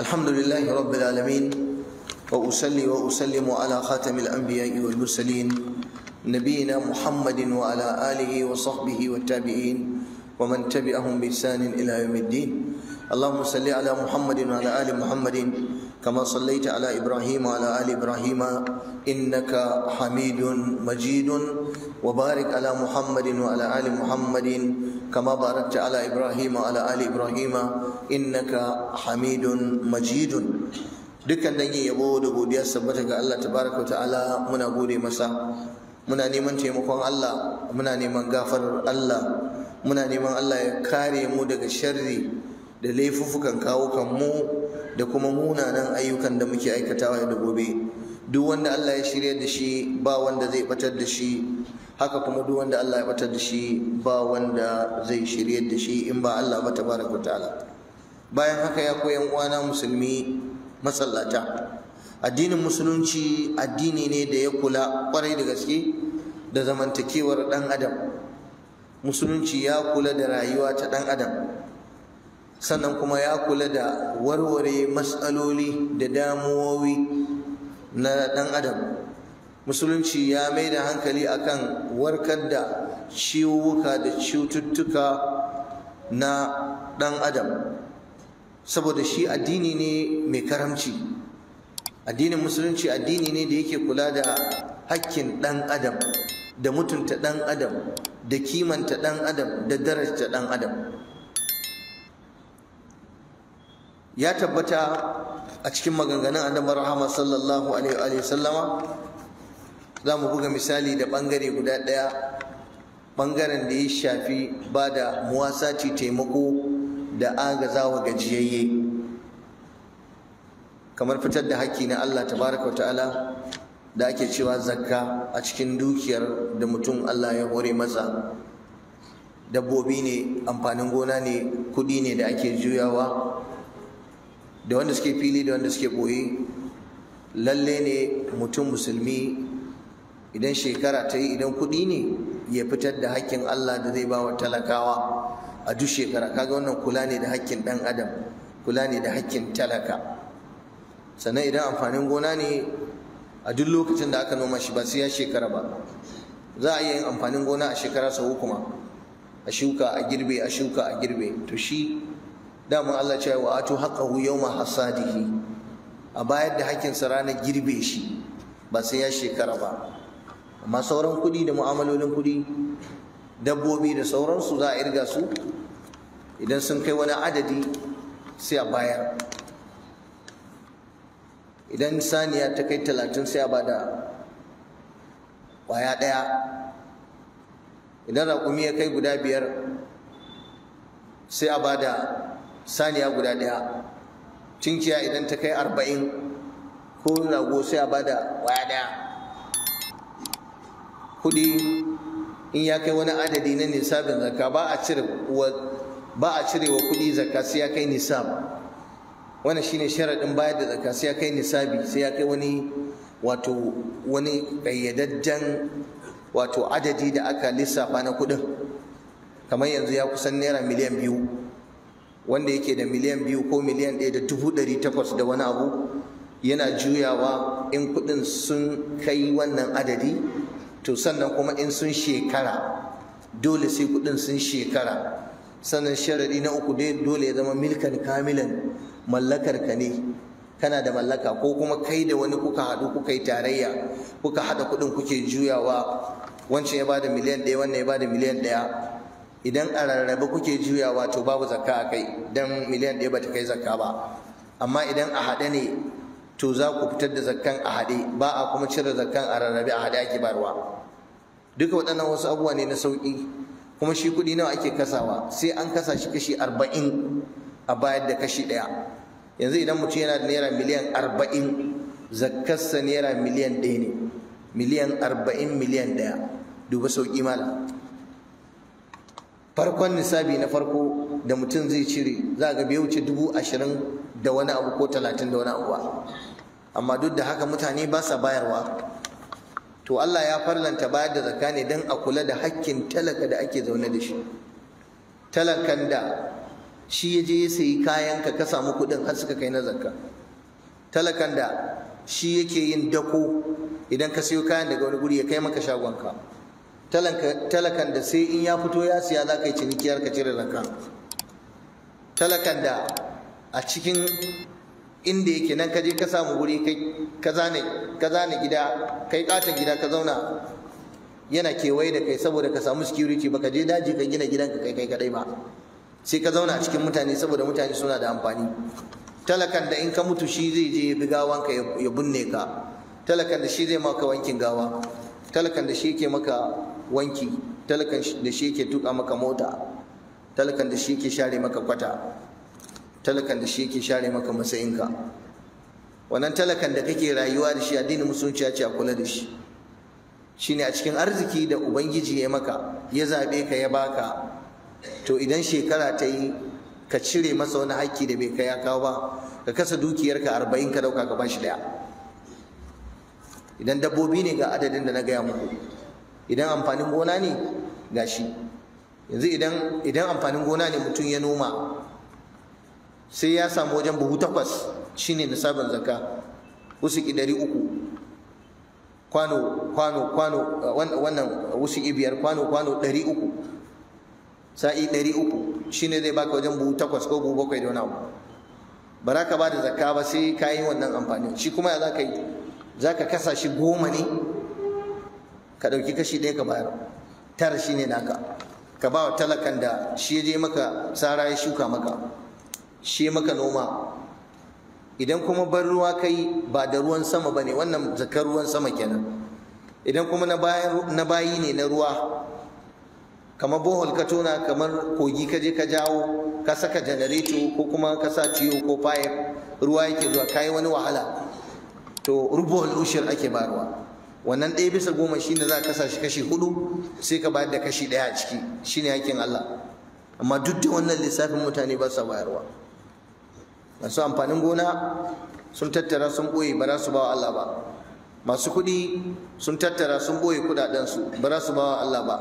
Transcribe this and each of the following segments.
الحمد لله رب العالمين وأصلي وأسلم على خاتم الأنبياء والمرسلين نبينا محمد وعلى آله وصحبه والتابعين ومن تبعهم بإحسان إلى يوم الدين اللهم صل على محمد وعلى آل محمد كما صليت على إبراهيم وعلى آل إبراهيم إنك حميد مجيد وبارك على محمد وعلى آل محمد كما باركت على إبراهيم وعلى آل إبراهيم إنك حميد مجيد dukkan dangin yabo da godiya sabbata ga Allah tabaraka ta'ala muna gode masa muna neman taimakon Allah muna neman gafarar Allah muna neman Allah ya kare mu daga sharri da laifuffukan kawo kanmu da kuma munanan ayyukan da muke aikatawa da gobe duk wanda Allah ya shirya da shi ba wanda zai batar da shi haka kuma duk wanda Allah ya bata da shi ba wanda zai shirye da shi in ba Allah ba tabaraka ta'ala bayan haka ya koyan uwana musulmi masallata addinin musulunci addini ne da ya kula kwarai da gaske da zamantakewar dan adam musulunci ya kula da rayuwa ta dan adam sannan kuma ya kula da warware matsaloli da damuwowi na dan adam musulunci ya mai da hankali akan warkar da ciwuka da cututtuka na ɗan adam saboda shi addini ne mai karamci addinin musulunci addini ne da yake kula da hakkin ɗan adam da mutunta ɗan adam da kimanta ɗan adam da darajta ɗan adam ya tabbata a cikin maganganun annabi rahama sallallahu alaihi wa sallama za mu buga misali da bangare guda ɗaya bangaren da ya shafi ba da muwasaci taimako da agazawa gajiyayye kamar fitar da haƙƙi na Allah tabaraka wa ta'ala da ake cewa zakka a cikin dukiyar da mutum Allah ya hore masa dabbobi ne amfanin gona ne kuɗi ne da ake juyawa da wanda suke fili da wanda suke boye lalle ne mutum musulmi idan shekara ta yi idan kuɗi ne ya fitar da hakkin Allah da zai bawa talakawa a duk shekara kaga wannan kula ne da hakkin ɗan adam kula ne da hakkin talaka sannan idan amfanin gona ne a duk lokacin da aka noma shi ba sai ya shekara ba za a yi amfanin gona a shekara sau kuma a shuka a girbe a shuka a girbe to shi daman Allah ce wa atu haqqahu yawma hasadihi a bayar da hakkin sa ranar girbe shi ba sai ya shekara ba amma sauran kudi da mu'amalolin kudi dabbobi da sauransu za a irga su idan sun kai wani adadi sai a bayar idan saniya ta kai talatin sai a bada kwaya ɗaya idan raƙumi ya kai guda biyar sai a bada saniya guda ɗaya cinciya idan ta kai arba'in ko rago sai a bada kwaya ɗaya kuɗi in ya kai wani adadi na nisabin zakka ba a cire ba a cire wa kuɗi zakka sai ya kai nisab wannan shine sharaɗin bayar da zakka sai ya kai nisabi sai ya kai wani wato wani ƙayyadajjen wato adadi da aka lissafa na kuɗin kamar yanzu ya kusan naira miliyan biyu wanda yake da miliyan biyu ko miliyan ɗaya da dubu ɗari takwas da wani abu yana juyawa in kuɗin sun kai wannan adadi to sannan kuma in sun shekara dole sai kudin sun shekara sannan sharadi na uku dai dole ya zama milkan kamilan mallakar ka ne kana da mallaka ko kuma kai da wani kuka haɗu kuka yi tarayya kuka haɗa kuɗin kuke juyawa wancan ya bada miliyan ɗaya wannan ya bada miliyan ɗaya idan a rarrabe kuke juyawa to babu zakka a kai don miliyan ɗaya bata kai zakka ba amma idan a haɗe ne to za ku fitar da zakkan a haɗe ba a kuma cire zakkan a rarrabe a haɗe ake barwa duka waɗannan wasu abubuwa ne na sauƙi kuma shi kuɗi nawa ake kasawa sai an kasa shi kashi arba'in a bayar da kashi ɗaya yanzu idan mutum yana da naira miliyan arba'in zakkarsa naira miliyan ɗaya ne miliyan arba'in miliyan ɗaya duba sauƙi mala farkon nisabi na farko da mutum zai cire za ga bai wuce dubu ashirin da wani abu ko talatin da wani abu ba amma duk da haka mutane ba sa bayarwa to Allah ya farlanta bayar da zakka ne don a kula da hakkin talaka da ake zaune da shi talakan da shi ya je ya sayi kayan ka samu kuɗin har suka kai na zakka talakan da shi yake yin dako idan ka sayo kayan daga wani guri ya kai maka shagonka talakan da sai in ya fito ya siya za ka yi cinikiyar ka cire zakka talakan da a cikin inda yake nan ka je ka samu wuri kai ka zane ka zane gida kai katin gida ka zauna yana kewaye da kai saboda ka samu security baka je daji ka gina gidanka kai kai kadai ba sai ka zauna a cikin mutane saboda mutane suna da amfani talakan da in ka mutu shi zai je ya bi ka ya binne ka talakan da shi zai maka wankin gawa talakan da shi yake maka wanki talakan da shi yake tuka maka mota talakan da shi yake share maka kwata talakan da shi yake share maka matsayinka wannan talakan da kake rayuwa da shi addinin musulunci ya ce a kula da shi shine a cikin arziki da ubangiji ya maka ya zabe ka ya baka to idan shekara ta yi ka cire masa wani haƙƙi da bai kai ya kawo ba ka kasa dukiyarka arba'in ka dauka ka bashi daya idan dabbobi ne ga adadin da na gaya muku idan amfanin gona ne ga shi yanzu idan amfanin gona ne mutum ya noma sai ya samu wajen buhu takwas shine nisabin zakka usuki ɗari uku kwano kwano kwano wannan wasu biyar kwano kwano ɗari uku sa'i ɗari uku shine zai baka wajen buhu takwas ko buhu bakwai da wani abu ba za ka ba da zakka ba sai ka yi wannan amfani shi kuma za ka yi za ka kasa shi goma ne ka ɗauki kashi ɗaya ka bayar tara shi ne naka ka ba wa talakan da shi ya je maka sara ya shuka maka shi maka noma idan kuma bar ruwa kai ba da ruwan sama bane wannan zakar ruwan sama kenan idan kuma na bayi ne na ruwa kamar bohol ka tona kamar kogi ka je ka jawo ka saka janareto ko kuma ka sa tiyo ko fayi ruwa yake zuwa yi wani wahala to rubuhul ushir ake bayarwa wannan ɗaya bisa goma shi ne za ka shi kashi hudu sai ka bayar da kashi ɗaya a ciki shi ne hakin Allah amma duk da wannan lissafin mutane ba sa bayarwa masu amfanin gona sun tattara sun ɓoye ba za su ba wa Allah ba masu kuɗi sun tattara sun ɓoye kuɗaɗensu ba za su ba wa Allah ba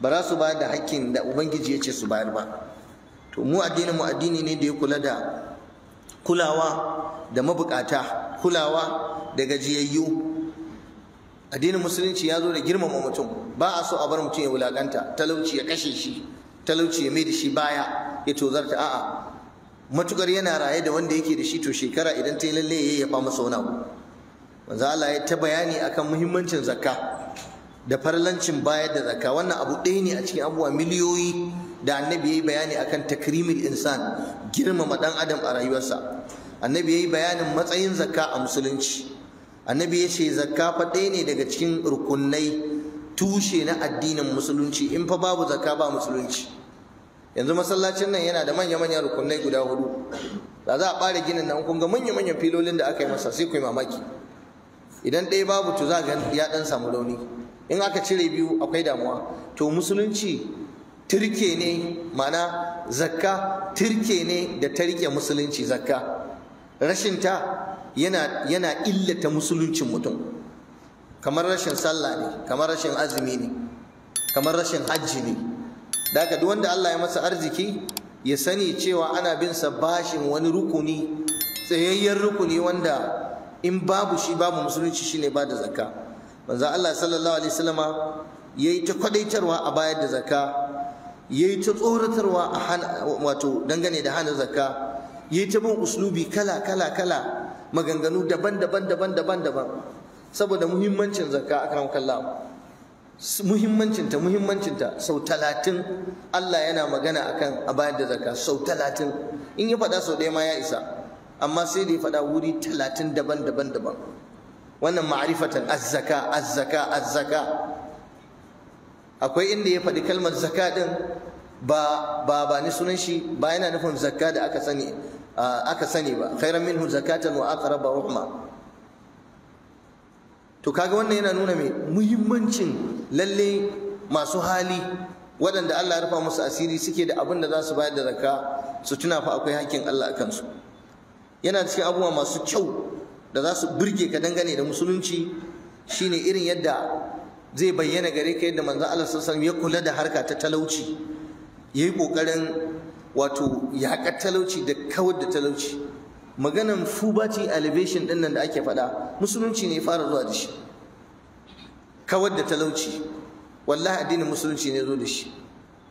ba za su bayar da hakkin da ubangiji ya ce su bayar ba to mu addini mu addini ne da ya kula da kulawa da mabukata kulawa da gajiyayyu addinin musulunci ya zo da girmama mutum ba a so a bar mutum ya wulakanta talauci ya kashe shi talauci ya mai da shi baya ya tozarta a'a matukar yana raye da wanda yake da shi to shekara idan ta yi lalle ya yafa masa wani abu manzo Allah ya ta bayani akan muhimmancin zakka da farlancin bayar da zakka wannan abu ɗaya ne a cikin abubuwa miliyoyi da annabi ya yi bayani akan takrimil insan girmama dan adam a rayuwarsa annabi ya yi bayanin matsayin zakka a musulunci annabi ya ce zakka fa ɗaya ne daga cikin rukunai tushe na addinin musulunci in fa babu zakka ba musulunci yanzu masallacin nan yana da manya-manyan rukunai guda hudu da za a bare ginin nan kun ga manya-manyan filolin da aka yi masa sai ku yi mamaki idan ɗaya babu to za ga ya ɗan samu launi in aka cire biyu akwai damuwa to musulunci turke ne mana zakka turke ne da ta rike musulunci zakka rashin ta yana yana illata musuluncin mutum kamar rashin sallah ne kamar rashin azumi ne kamar rashin hajji ne daga duk wanda Allah ya masa arziki ya sani cewa ana bin sa bashin wani rukuni tsayayyen rukuni wanda in babu shi babu musulunci shine ba da zakka manzo Allah sallallahu alaihi wasallama yayi ta kwadaitarwa a bayar da zakka yayi ta tsoratarwa a wato dangane da hana zakka yayi ta bin uslubi kala kala kala maganganu daban daban daban daban daban saboda muhimmancin zakka akan kallahu muhimmancinta muhimmancinta sau talatin Allah yana magana akan a bayar da zaka sau talatin in ya faɗa sau ɗaya ma ya isa amma sai da ya faɗa wuri talatin daban daban daban wannan ma'arifatan azzaka azzaka azzaka akwai inda ya faɗi kalmar zaka ɗin ba ba ni sunan shi ba yana nufin zakka da aka sani ba khairan minhu zakatan wa aqraba rahma to kaga wannan yana nuna mai muhimmancin lalle masu hali waɗanda Allah ya rufa musu asiri suke da abin da za su bayar da zakka su tuna fa akwai hakkin Allah a kansu yana cikin abubuwa masu kyau da za su burge ka dangane da musulunci shine irin yadda zai bayyana gare ka yadda manzon Allah sallallahu ya kula da harka ta talauci yayi kokarin wato yaƙar talauci da kawar da talauci maganan fubati elevation din nan da ake faɗa musulunci ne fara zuwa da shi kawar da talauci wallahi addinin musulunci ne zo da shi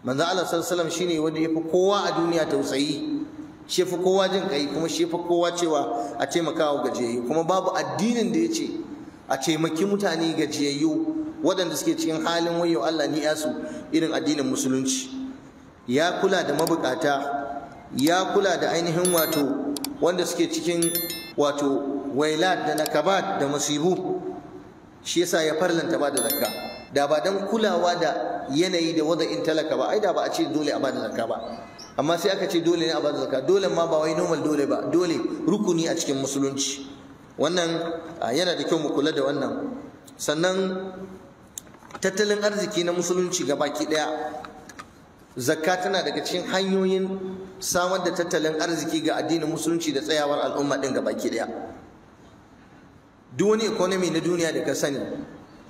manzo Allah sallallahu alaihi shine wanda yafi kowa a duniya tausayi shi fa kowa jin kai kuma shi fa kowa cewa a taimakawa gajiyayyu kuma babu addinin da yace a taimaki mutane gajiyayyu waɗanda suke cikin halin wayo Allah ni yasu irin addinin musulunci ya kula da mabukata ya kula da ainihin wato wanda suke cikin wato wailat da nakabat da musibu shi yasa ya farlanta ba da zakka da ba dan kulawa da yanayi da wada'in talaka ba ai da ba a ce dole a ba da zakka ba amma sai aka ce dole ne a ba da zakka dole ma ba wai normal dole ba dole rukuni a cikin musulunci wannan yana da kyau mu kula da wannan sannan tattalin arziki na musulunci gaba ki daya zakka tana daga cikin hanyoyin samar da tattalin arziki ga addinin musulunci da tsayawar al'umma din ga baki daya duk wani economy na duniya da ka sani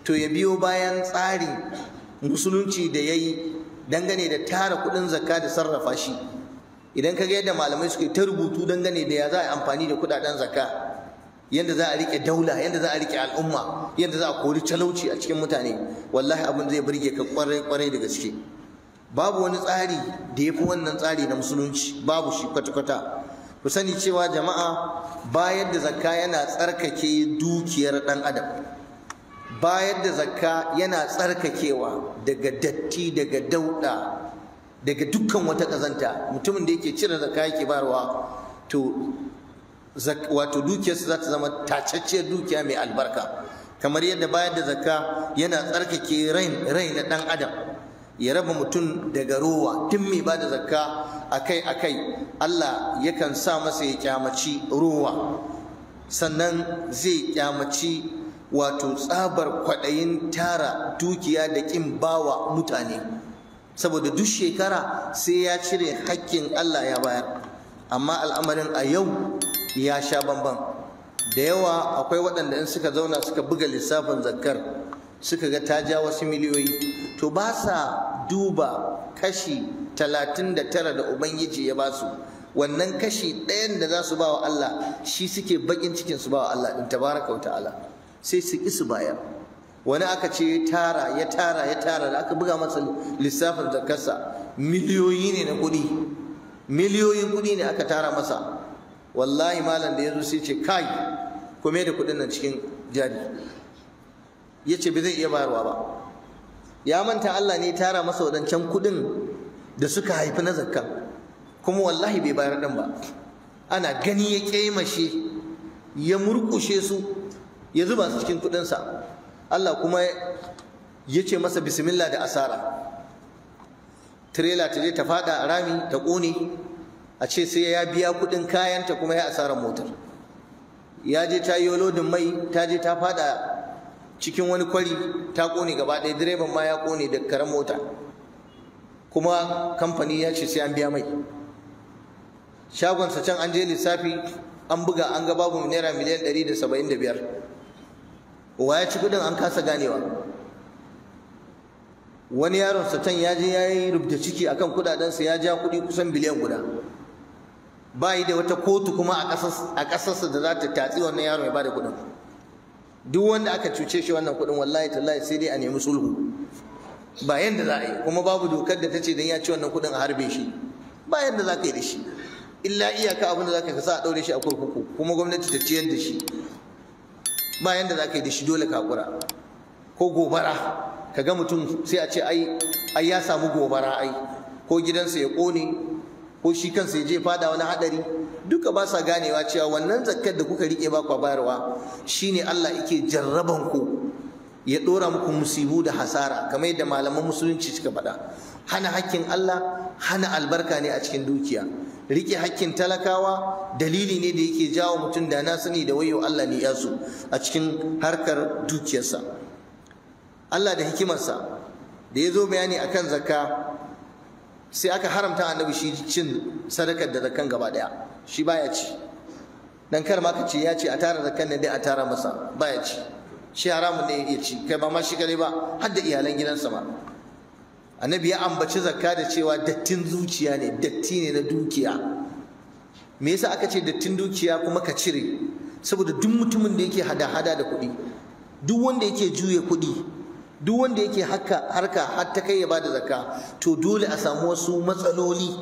to ya biyo bayan tsari musulunci da yayi dangane da tara kudin zakka da sarrafa shi idan ka ga yadda malamai suke ta rubutu dangane da ya za a yi amfani da kudaden zakka yadda za a rike daula yadda za a rike al'umma yadda za a kori talauci a cikin mutane wallahi abin zai burge ka kwarai kwarai da gaske babu wani tsari da ya fi wannan tsari na musulunci babu shi kwata-kwata ku sani cewa jama'a bayar da zakka yana tsarkake dukiyar ɗan adam bayar da zakka yana tsarkakewa daga datti daga dauɗa daga dukkan wata ƙazanta mutumin da yake cire zakka yake barwa to wato dukiyarsa za ta zama tacacciyar dukiya mai albarka kamar yadda bayar da zakka yana tsarkake rai na ɗan adam ya raba mutum daga rowa tun mai ba da zakka akai-akai Allah yakan sa masa ya kyamaci rowa sannan zai kyamaci wato tsabar kwaɗayin tara dukiya da ƙin bawa mutane saboda duk shekara sai ya cire hakkin Allah ya bayar amma al'amarin a yau ya sha bamban da yawa akwai waɗanda in suka zauna suka buga lissafin zakkar suka ga ta ja wasu miliyoyi to ba sa duba kashi talatin da tara da ubangiji ya basu wannan kashi ɗayan da za su ba wa Allah shi suke bakin cikin su ba wa Allah din tabaraka wa ta'ala sai su isu baya. wani aka ce ya tara ya tara ya tara da aka buga masa lissafin zakarsa miliyoyi ne na kuɗi miliyoyin kuɗi ne aka tara masa wallahi malam da ya zo sai ce kai kome da kuɗin nan cikin jari ya ce ba zai iya bayarwa ba ya manta Allah ne tara masa wadancan kudin da suka haifi na zakka kuma wallahi bai bayar dan ba ana gani ya kaimashe ya murkushe su ya zuba su cikin kudinsa Allah kuma ya ce masa bismillah da asara tirela ta je ta fada a rami ta kone a ce sai ya biya kuɗin kayanta kuma ya asara motar ya je ta yi lodin mai ta je ta fada cikin wani kwari ta kone gaba ɗaya direban ma ya kone da karan mota kuma kamfani ya ce sai an biya mai shagonsa can an je lissafi an buga an ga babu naira miliyan ɗari da da saba'in biyar. wa ya ci kuɗin an kasa ganewa wani yaron satan ya je ya yi rubuta ciki akan kudadensa ya ja kuɗi kusan biliyan guda ba yi da wata kotu kuma a ƙasarsa da za ta tatsi wannan yaron ya ba da duk wanda aka cuce shi wannan kuɗin wallahi tallahi sai dai a nemi sulhu ba yanda za a yi kuma babu dokar da ta ce don ya ci wannan kuɗin a harbe shi ba yanda za ka yi da shi illa iyaka abin da za ka sa a ɗaure shi a kurkuku kuma gwamnati ta ciyar da shi ba yanda za ka yi da shi dole ka kura ko gobara ka ga mutum sai a ce ai ya samu gobara ai ko gidansa ya kone. ko shi kansa ya je fada wani hadari duka ba sa ganewa cewa wannan zakkar da kuka rike ba kwa bayarwa ne Allah yake jarraban ku ya dora muku musibu da hasara kamar yadda malaman musulunci suka faɗa hana hakkin Allah hana albarka ne a cikin dukiya rike hakkin talakawa dalili ne da yake jawo mutum da na sani da wayo Allah ne yasu a cikin harkar dukiyarsa Allah da hikimarsa da ya zo bayani akan zakka sai aka haramta annabi shi cin sadakar da zakan gaba daya shi baya ci dan kar ma ka ce ya ce a tara zakan ne dai a tara masa baya ci shi haramun ne ya ci kai ba ma shi kare ba har da iyalan gidansa ma annabi ya ambaci zakka da cewa dattin zuciya ne datti ne na dukiya me yasa aka ce dattin dukiya kuma ka cire saboda duk mutumin da yake hada-hada da kuɗi duk wanda yake juya kuɗi duk wanda yake haka harka har ta kai ya bada zakka to dole a samu wasu matsaloli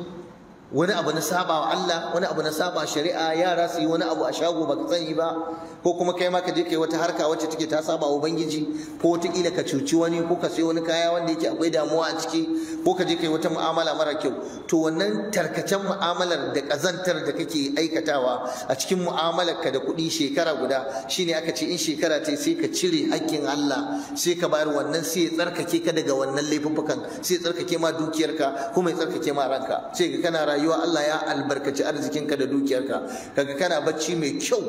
wani abu na saba wa Allah wani abu na saba shari'a yara su yi wani abu a shago baka sani ba ko kuma kai ma ka je kai wata harka wacce take ta saba wa ubangiji ko kila ka cuci wani ko ka sayi wani kaya wanda yake akwai damuwa a ciki ko ka je kai wata mu'amala mara kyau to wannan tarkacen mu'amalar da kazantar da kake aikatawa a cikin mu'amalar ka da kuɗi shekara guda shine aka ce in shekara ta sai ka cire hakkin Allah sai ka bayar wannan sai ya tsarkake ka daga wannan laifuffukan sai ya tsarkake ma dukiyarka kuma ya tsarkake ma ranka sai ka kana rayuwa Allah ya albarkaci arzikinka da dukiyarka kaga kana bacci mai kyau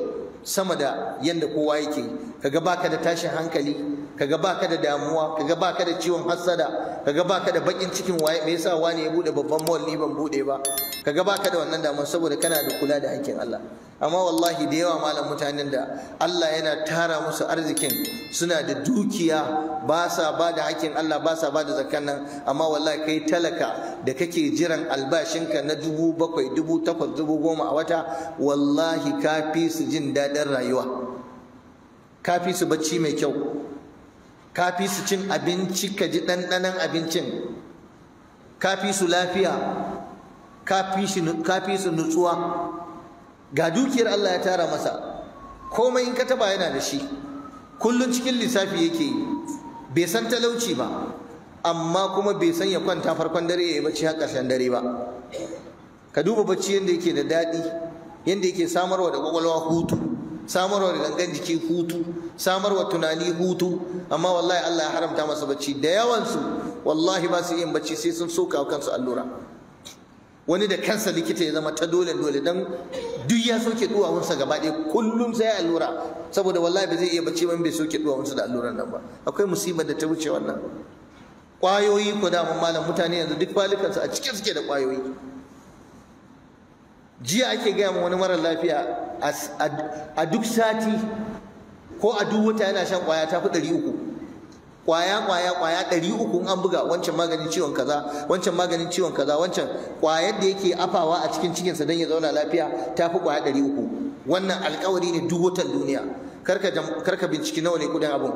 sama da yadda kowa yake kaga baka da tashin hankali kaga baka da damuwa kaga baka da ciwon hassada kaga baka da bakin cikin waye me yasa wani ya bude babban mall ni ban bude ba kaga baka da wannan damar saboda kana da kula da hakkin Allah amma wallahi da yawa malam mutanen da Allah yana tara musu arzikin suna da dukiya ba sa ba da hakkin Allah ba sa ba da zakkan nan amma wallahi kai talaka da kake jiran albashinka na dubu bakwai dubu takwas dubu goma a wata wallahi ka fi su jin daɗin rayuwa ka fi su bacci mai kyau ka fi su cin abinci ka ji ɗanɗanon abincin ka fi su lafiya kafi su nutsuwa ga dukiyar Allah ya tara masa komai in ka taba yana da shi Kullum cikin lissafi yake yi bai san talauci ba amma kuma bai san ya kwanta farkon dare ya yi bacci har ƙarshen dare ba ka duba bacci yadda yake da daɗi yadda yake samarwa da kwakwalwa hutu samarwa da gangan jiki hutu samarwa tunani hutu amma wallahi Allah ya haramta masa bacci da yawansu wallahi ba su yin bacci sai sun soka kansu allura wani da kansa likita ya zama ta dole dole dan duk ya soke duwawunsa gaba ɗaya kullum sai allura saboda wallahi ba zai iya bacci ba bai soke duwawunsa da alluran nan ba akwai musibar da ta wuce wannan kwayoyi ko da malam mutane yanzu duk balikansu a cikin suke da kwayoyi jiya ake gaya ma wani mara lafiya a duk sati ko a duk wata yana shan kwaya ta fi ɗari uku kwaya kwaya kwaya ɗari uku an buga wancan maganin ciwon kaza wancan maganin ciwon kaza wancan kwayar da yake afawa a cikin cikinsa don ya zauna lafiya ta fi kwaya ɗari uku wannan alkawari ne duk watan duniya karka binciki nawa ne kudin abun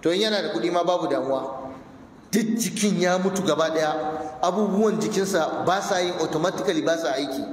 to in yana da kudi ma babu damuwa duk jikin ya mutu gaba ɗaya. abubuwan jikinsa ba sa yin automatically ba sa aiki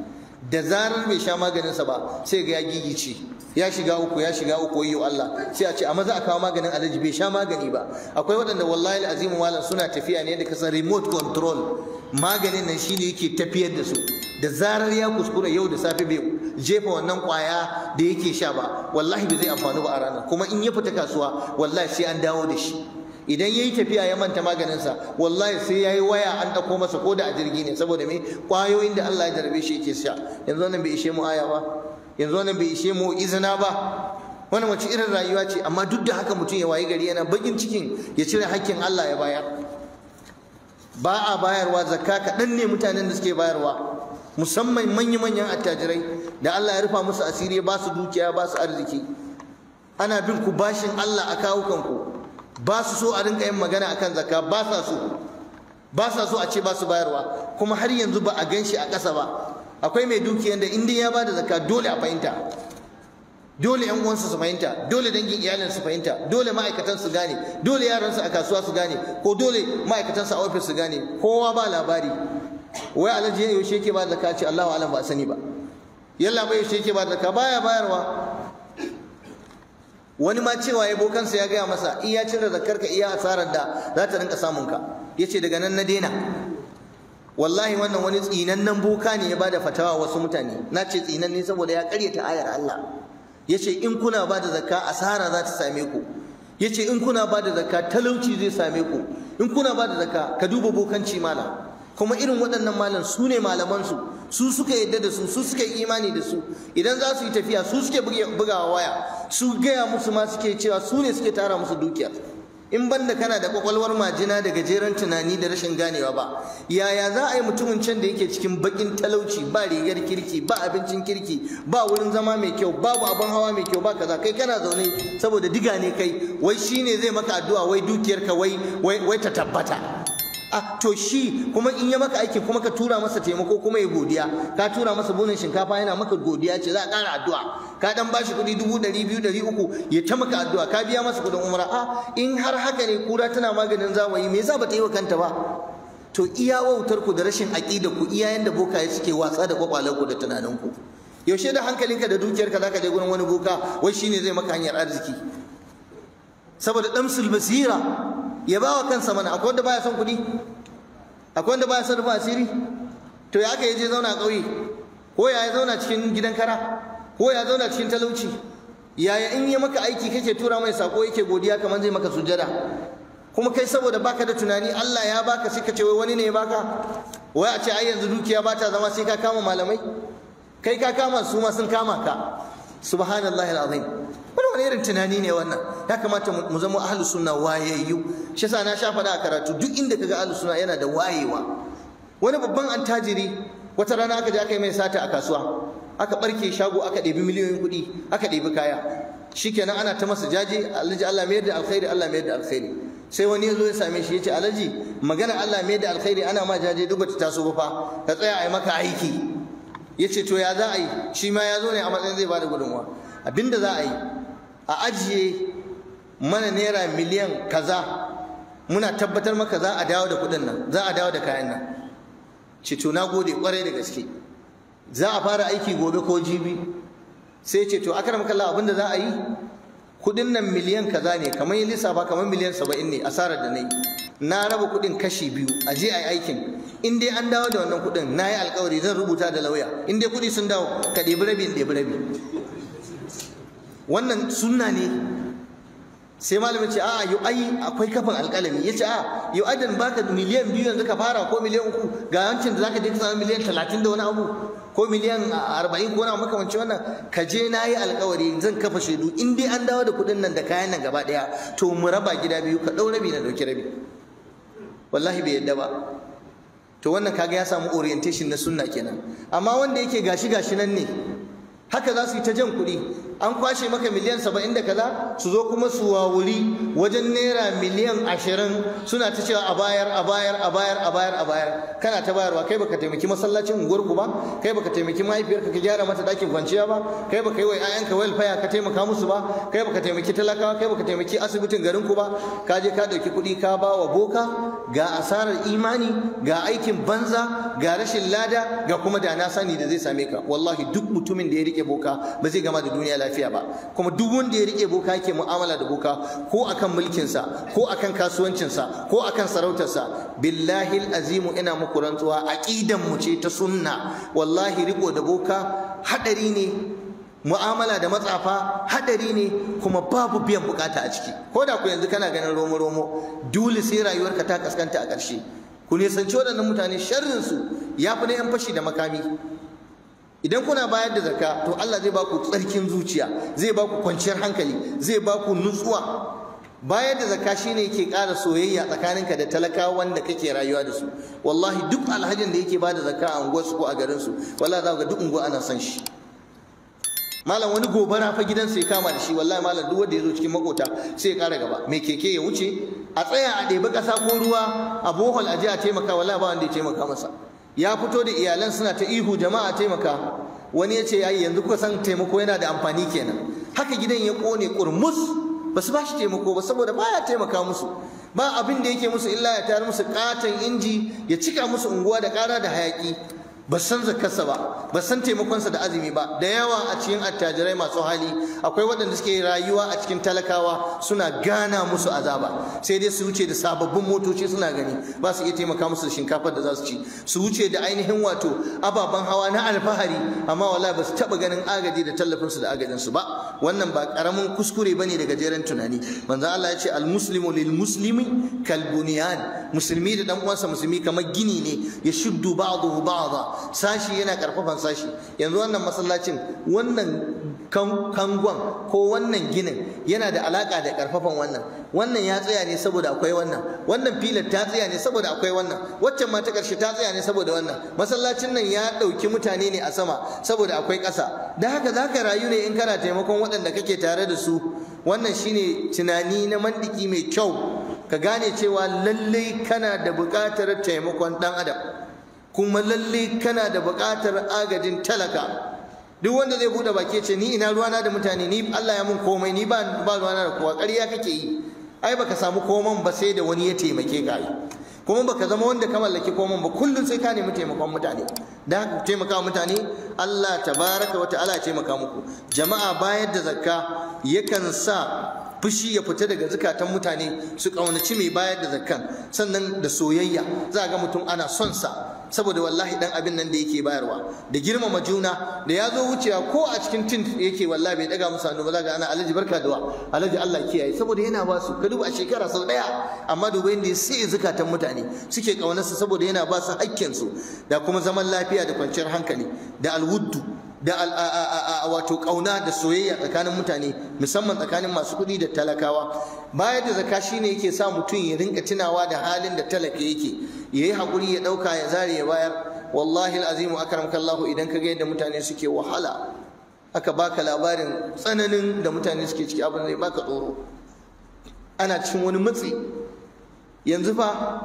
da zarar bai sha maganinsa ba sai ga ya gigice ya shiga uku ya shiga uku yayyo Allah sai a ce amma za a kawo maganin alaji bai sha magani ba akwai waɗanda wallahi alazim malam suna tafiya ne da kasan remote control maganin nan shine yake tafiyar da su da zarar ya kuskura yau da safe bai jefa wannan kwaya da yake sha ba wallahi bai zai amfani ba a ranar kuma in ya fita kasuwa wallahi sai an dawo da shi idan yayi tafiya ya manta maganin sa. wallahi sai yayi waya an ɗauko masa ko da a jirgi ne saboda me kwayoyin da Allah ya darbe shi yake sha yanzu nan bai ishe mu aya ba yanzu nan bai ishe mu izina ba wannan wace irin rayuwa ce amma duk da haka mutum ya wayi gari yana bakin cikin ya cire hakkin Allah ya bayar ba a bayarwa zakka kaɗan ne mutanen da suke bayarwa musamman manya-manyan attajirai da Allah ya rufa musu asiri ba su dukiya ba su arziki ana bin ku bashin Allah a kawukan ku. ba su so a rinka yin magana akan zakka ba sa so ba sa so a ce ba su bayarwa kuma har yanzu ba a gan shi a ƙasa ba akwai mai dukiyar da inda ya bada zakka dole a fahimta dole yan uwansa su fahimta dole dangin iyalin su fahimta dole ma'aikatan su gane dole yaransu a kasuwa su gane ko dole ma'aikatan su a ofis su gane kowa ba labari wai alhaji yaushe yake ba zakka ce Allahu alam ba sani ba yalla bai yaushe yake ba zakka baya bayarwa wani ma cewa ya bokansa ya gaya masa iya da zakar ka iya asarar da za ta rinka samun ka yace daga nan na daina wallahi wannan wani tsinannen boka ne ya bada fatawa wasu mutane na ce tsinanne saboda ya karyata ayar Allah yace in kuna bada zakka asara za ta same ku yace in kuna bada zakka talauci zai same ku in kuna bada zakka ka duba bokanci malam kuma irin waɗannan malam su ne malaman su suka yadda da su su suka yi imani da su idan za su yi tafiya su suke bugawa waya su gaya musu ma suke cewa su ne suke tara musu dukiya in banda kana da kwakwalwar majina da gajeren tunani da rashin ganewa ba yaya za a yi mutumin can da yake cikin bakin talauci ba rigar kirki ba abincin kirki ba wurin zama mai kyau babu abin hawa mai kyau ba kaza kai kana zaune saboda diga ne kai wai shine zai maka addu'a wai dukiyarka wai wai ta tabbata a to shi kuma in ya maka aikin kuma ka tura masa taimako kuma ya godiya ka tura masa bunin shinkafa yana maka godiya ce za a ƙara addu'a ka dan bashi kuɗi dubu ɗari biyu ɗari uku ya ta maka addu'a ka biya masa kuɗin umra a in har haka ne kura tana maganin zawayi me yasa ba ta yi wa kanta ba to iya wautar ku da rashin aƙida ku iya yanda bokaye suke watsa da kwakwalen ku da tunanin ku yaushe da hankalinka da dukiyarka zaka je gurin wani boka wai shine zai maka hanyar arziki saboda damsul basira ya ba wa kansa mana akwai wanda baya son kuɗi akwai wanda baya son asiri to ya aka yi je zauna a ƙauye ko ya ya zauna cikin gidan kara ko ya zauna cikin talauci yaya in yi maka aiki kake tura mai sako yake godiya kamar zai maka sujada kuma kai saboda baka da tunani Allah ya baka sai ka ce wai wani ne ya baka wai a ce ai yanzu dukiya ba ta zama sai ka kama malamai kai ka kama su ma sun kama ka subhanallahi alazim wani wani irin tunani ne wannan ya kamata mu zama ahlu sunna wayayyu shi yasa na sha faɗa a karatu duk inda kaga ahlu sunna yana da wayewa wani babban tajiri, wata rana aka je aka yi mai sata a kasuwa aka barke shago aka ɗebi miliyoyin kuɗi aka ɗebi kaya shikenan ana ta masa jaji alhaji Allah mai da alkhairi Allah mai da alkhairi sai wani ya zo ya same shi ya ce alhaji magana Allah mai da alkhairi ana ma jaje duk bata taso ba fa ka tsaya a maka aiki ya ce to ya za a yi shi ma ya zo ne a matsayin zai bada gudunmawa abinda za a yi a ajiye mana naira miliyan kaza muna tabbatar maka za a dawo da kuɗin nan za a dawo da kayan nan ceto na gode kwarai da gaske za a fara aiki gobe ko jibi sai ceto akaram kalla abinda za a yi kuɗin nan miliyan kaza ne kamar yin lissafa kamar miliyan saba'in ne asarar da na yi na raba kuɗin kashi biyu a je a yi aikin in dai an dawo da wannan kuɗin na yi alkawari zan rubuta da lauya in dai kuɗi sun dawo ka ɗebi rabi ɗebi rabi wannan sunna ne sai malamin ce a'a yau ai akwai kafin alƙalami ya ce a yau adan baka miliyan biyu yanzu ka fara ko miliyan uku ga yancin da zaka je ka samu miliyan talatin da wani abu ko miliyan arba'in ko wani makamanci wannan ka je na yi alƙawari zan kafa shaidu in dai an dawo da kuɗin nan da kayan nan gaba ɗaya to mu raba gida biyu ka ɗau rabi na ɗauki rabi wallahi bai yadda ba to wannan kaga ya samu orientation na sunna kenan amma wanda yake gashi gashi nan ne haka za su yi ta jan kuɗi an kwashe maka miliyan saba'in da kaza su zo kuma su wawuri wajen naira miliyan ashirin suna ta cewa a bayar a bayar a bayar a bayar a bayar kana ta bayarwa kai baka taimaki masallacin unguwarku ba kai baka taimaki mahaifiyarka ka gyara mata dakin kwanciya ba kai baka yi wa 'ya'yanka welfare ka taimaka musu ba kai baka taimaki talakawa kai baka taimaki asibitin garinku ba ka je ka ɗauki kuɗi ka ba wa boka ga asarar imani ga aikin banza ga rashin lada ga kuma da na sani da zai same ka wallahi duk mutumin da ya rike boka ba zai gama da duniya lafiya ba kuma duk wanda ya rike boka yake mu'amala da boka ko akan mulkinsa ko akan kasuwancinsa ko akan sarautarsa billahi azimu ina muku rantsuwa aqidan mu ce ta sunna wallahi riko da boka hadari ne mu'amala da matsafa hadari ne kuma babu biyan bukata a ciki ko da ku yanzu kana ganin romo romo dole sai rayuwarka ta kaskanta a ƙarshe ku ne sanci waɗannan mutane sharrinsu ya fi na 'yan fashi da makami idan kuna bayar da zaka, to Allah zai baku tsarkin zuciya zai baku kwanciyar hankali zai baku nutsuwa bayar da zakka shine yake ƙara soyayya tsakaninka da talakawa wanda kake rayuwa da su wallahi duk alhajin da yake bada zakka a unguwarsu ko a garin su wallahi za ga duk unguwa ana son shi malam wani gobara fa gidansu ya kama da shi wallahi malam duk wanda ya zo cikin makota sai ya kara gaba mai keke ya wuce a tsaya a ɗebi ƙasa ko ruwa a bohol a je a taimaka wallahi ba wanda ya taimaka masa ya fito da iyalan suna ta ihu jama'a taimaka wani ya ce yayi yanzu kuka san taimako yana da amfani kenan haka gidan ya kone kurmus ba su ba shi taimako ba saboda baya taimaka musu ba abin da yake musu illa ya tayar musu katon inji ya cika musu unguwa da kara da hayaki ba san zakarsa ba basan san taimakonsa da azumi ba da yawa a cikin attajirai masu hali akwai waɗanda suke rayuwa a cikin talakawa suna gana musu azaba sai dai su wuce da sababbin motoci suna gani ba su iya taimaka musu da shinkafar da za su ci su wuce da ainihin wato ababen hawa na alfahari amma wala ba su taɓa ganin agaji da tallafinsu da agajinsu ba wannan ba ƙaramin kuskure ba ne da gajeren tunani manzo Allah ya ce al muslimu lil muslimi kal musulmi da dan uwansa musulmi kamar gini ne ya shuddu ba'dahu ba'dha sashi yana karfafan sashi yanzu wannan masallacin wannan kangon ko wannan ginin yana da alaka da karfafan wannan wannan ya tsaya ne saboda akwai wannan wannan filar ta tsaya ne saboda akwai wannan waccan ma ta karshe ta tsaya ne saboda wannan masallacin nan ya ɗauki mutane ne a sama saboda akwai ƙasa da haka za ka rayu ne in kana taimakon waɗanda kake tare da su wannan shine tunani na mandiki mai kyau ka gane cewa lallai kana da buƙatar taimakon ɗan adam kuma lalle kana da buƙatar agajin talaka duk wanda zai buɗe baki ce ni ina ruwana da mutane ni Allah ya mun komai ni ba ba ruwana da kowa ƙarya kake yi ai baka samu koman ba sai da wani ya taimake ka kuma baka zama wanda ka mallaki koman ba kullum sai ka nemi taimakon mutane da haka taimaka mutane Allah tabaraka wata ala taimaka muku jama'a bayar da zakka yakan sa fushi ya fita daga zukatan mutane su ƙaunaci mai bayar da zakkan sannan da soyayya za ga mutum ana son sa saboda wallahi dan abin nan da yake bayarwa da girmama juna da ya zo wucewa ko a cikin tin yake wallahi bai daga musu hannu ba za ana alhaji barka da wa alhaji Allah kiyaye saboda yana ba su ka duba a shekara sau daya amma duba yanda sai zukatan mutane suke kaunarsa saboda yana ba su hakkin su da kuma zaman lafiya da kwanciyar hankali da alwuddu da wato kauna da soyayya tsakanin mutane musamman tsakanin masu kuɗi da talakawa baya da zaka shi ne yake sa mutum ya rinka tunawa da halin da talaka yake yayi hakuri ya dauka ya zare ya bayar wallahi alazimu akramkallahu idan kaga yadda mutane suke wahala aka baka labarin tsananin da mutane suke ciki abin zai baka tsoro ana cikin wani matsi yanzu fa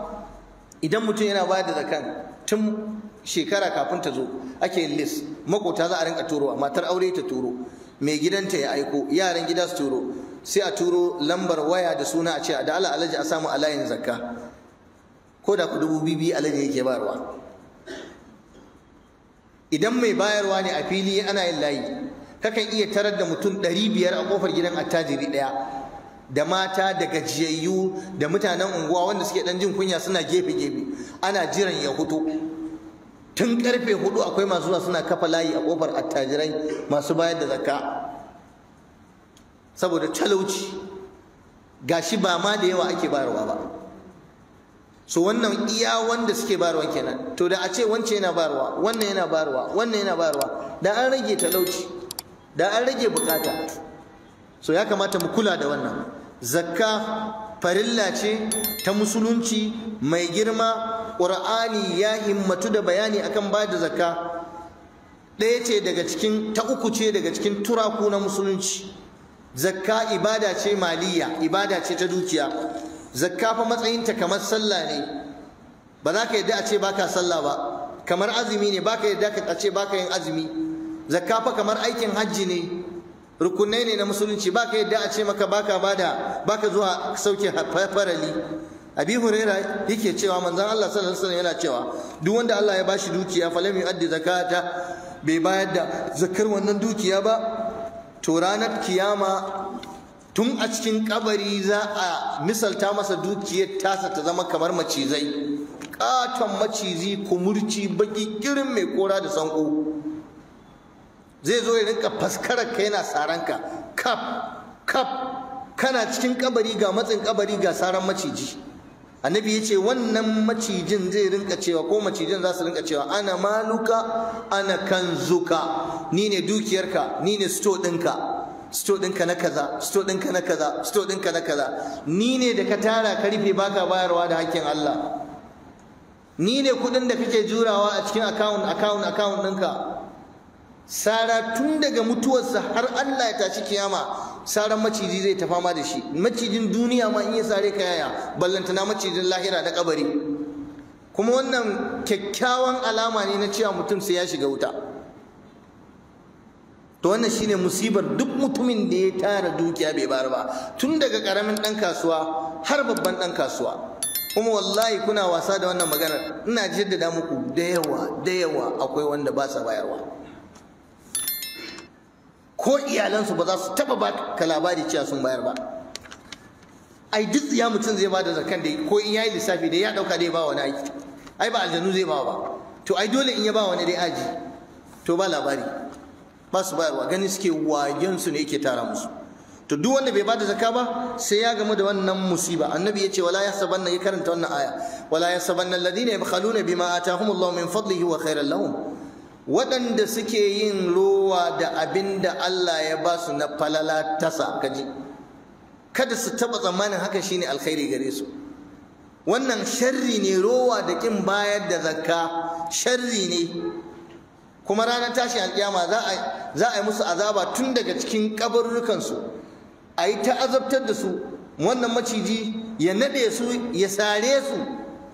idan mutum yana bayar da zakan tun shekara kafin ta zo ake list makota za a rinka a matar aure ta turo mai gidanta ya aiko yaran gida su turo sai a turo lambar waya da suna a ce da Allah alaji a samu alayin zakka ko da ku dubu bibi alaji yake bayarwa idan mai bayarwa ne a fili ana yin layi kakan iya tarar da mutum ɗari biyar a kofar gidan attajiri ɗaya da mata da gajiyayyu da mutanen unguwa wanda suke dan jin kunya suna gefe gefe ana jiran ya hutu tun karfe hudu akwai masu zuwa suna kafa layi a kofar attajirai masu bayar da zakka saboda talauci gashi ba ma da yawa ake bayarwa ba so wannan iya wanda suke bayarwa kenan to da a ce wance yana bayarwa wannan yana bayarwa wannan yana bayarwa da an rage talauci da an rage bukata so ya kamata mu kula da wannan zakka farilla ce ta musulunci mai girma ƙur'ani ya himmatu da bayani akan bada zakka ɗaya ce daga cikin ta uku ce daga cikin turaku na musulunci zakka ibada ce maliya ibada ce ta dukiya zakka fa matsayinta kamar sallah ne ba za ka yadda a ce baka sallah ba kamar azumi ne baka yadda a ce baka yin azumi zakka fa kamar aikin hajji ne rukunai ne na musulunci baka yadda a ce maka baka bada baka zuwa sauke farali abi huraira yake cewa manzon Allah sallallahu alaihi wasallam yana cewa duk wanda Allah ya bashi dukiya falam yu'addi zakata bai bayar da zakar wannan dukiya ba to ranar kiyama tun a cikin kabari za a misalta masa dukiyar tasa ta zama kamar macizai katon macizi kumurci baki kirin mai kora da sanko zai zo ya rinka faskarar ka yana saran ka kaf kaf kana cikin kabari ga matsin kabari ga saran maciji annabi ya ce wannan macijin zai rinka cewa ko macijin za su rinka cewa ana maluka ana kanzuka ni ne dukiyarka ni ne sto ɗinka sto ɗinka na kaza sto ɗinka na kaza sto ɗinka na kaza ni ne da ka tara ka rufe baka bayarwa da hakkin Allah ni ne kuɗin da kake jurawa a cikin akawun akawun akawun ɗinka sara tun daga mutuwarsa har Allah ya tashi kiyama saran maciji zai ta fama da shi macijin duniya ma in ya sare ka yaya ballantana macijin lahira da kabari kuma wannan kyakkyawan alama ne na cewa mutum sai ya shiga wuta to wannan shine musibar duk mutumin da ya tara dukiya bai bar ba tun daga karamin dan kasuwa har babban dan kasuwa kuma wallahi kuna wasa da wannan magana ina jaddada muku da yawa da yawa akwai wanda ba sa bayarwa ko iyalansu ba za su taba ba ka labari cewa sun bayar ba ai duk ya mutum zai bada zakan da ko in yayi lissafi da ya dauka dai ba wani aiki ai ba aljanu zai ba ba to ai dole in ya ba wani dai aji to ba labari ba su bayarwa ganin suke wagen su ne yake tara musu to duk wanda bai bada zaka ba sai ya gamu da wannan musiba annabi ya ce wala yahsabanna ya karanta wannan aya wala yahsabanna alladhina yabkhaluna bima atahumullahu min fadlihi wa khairan lahum waɗanda suke yin rowa da abin da Allah ya ba su na falala tasa kaji kada su taɓa tsammanin haka shine alkhairi gare su wannan sharri ne rowa da ƙin bayar da zakka sharri ne kuma ranar tashin alƙiyama za a yi musu azaba tun daga cikin kaburrukansu a yi ta azabtar da su wannan maciji ya naɗe su ya sare su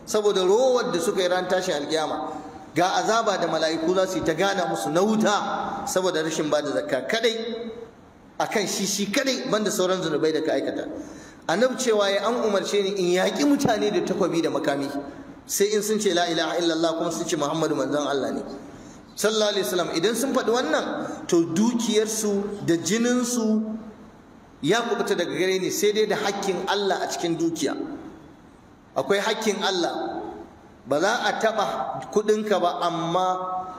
saboda rowar da suka yi ranar tashin alƙiyama ga azaba da mala'iku za su yi ta gana musu na wuta saboda rashin ba da zakka kadai akan shi shi kadai banda sauran zunubai da ka aikata annabi cewa ya an umarce ni in yaƙi mutane da takwabi da makami sai in sun ce la ilaha illallah kuma sun ce muhammadu manzon Allah ne sallallahu alaihi wasallam idan sun faɗi wannan to dukiyarsu da jininsu ya kubuta daga gare ni sai dai da hakkin Allah a cikin dukiya akwai hakkin Allah ba za a taɓa kuɗinka ba amma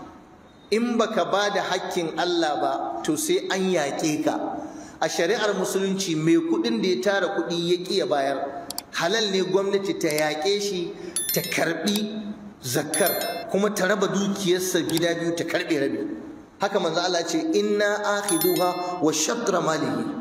in baka ba da hakkin Allah ba to sai an yaƙe ka a shari'ar musulunci mai kuɗin da ya tara kuɗi ya ƙi ya bayar halal ne gwamnati ta yaƙe shi ta karɓi zakar kuma ta raba dukiyarsa gida biyu ta karɓe rabi haka manzo Allah ce inna akhiduha wa shatra malihi